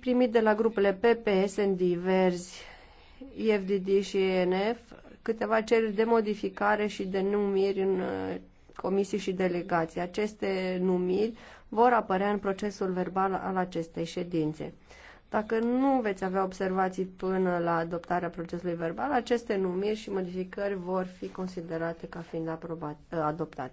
primit de la grupele PP, SND, Verzi, IFDD și ENF câteva cereri de modificare și de numiri în uh, comisii și delegații. Aceste numiri vor apărea în procesul verbal al acestei ședințe. Dacă nu veți avea observații până la adoptarea procesului verbal, aceste numiri și modificări vor fi considerate ca fiind aprobate, uh, adoptate.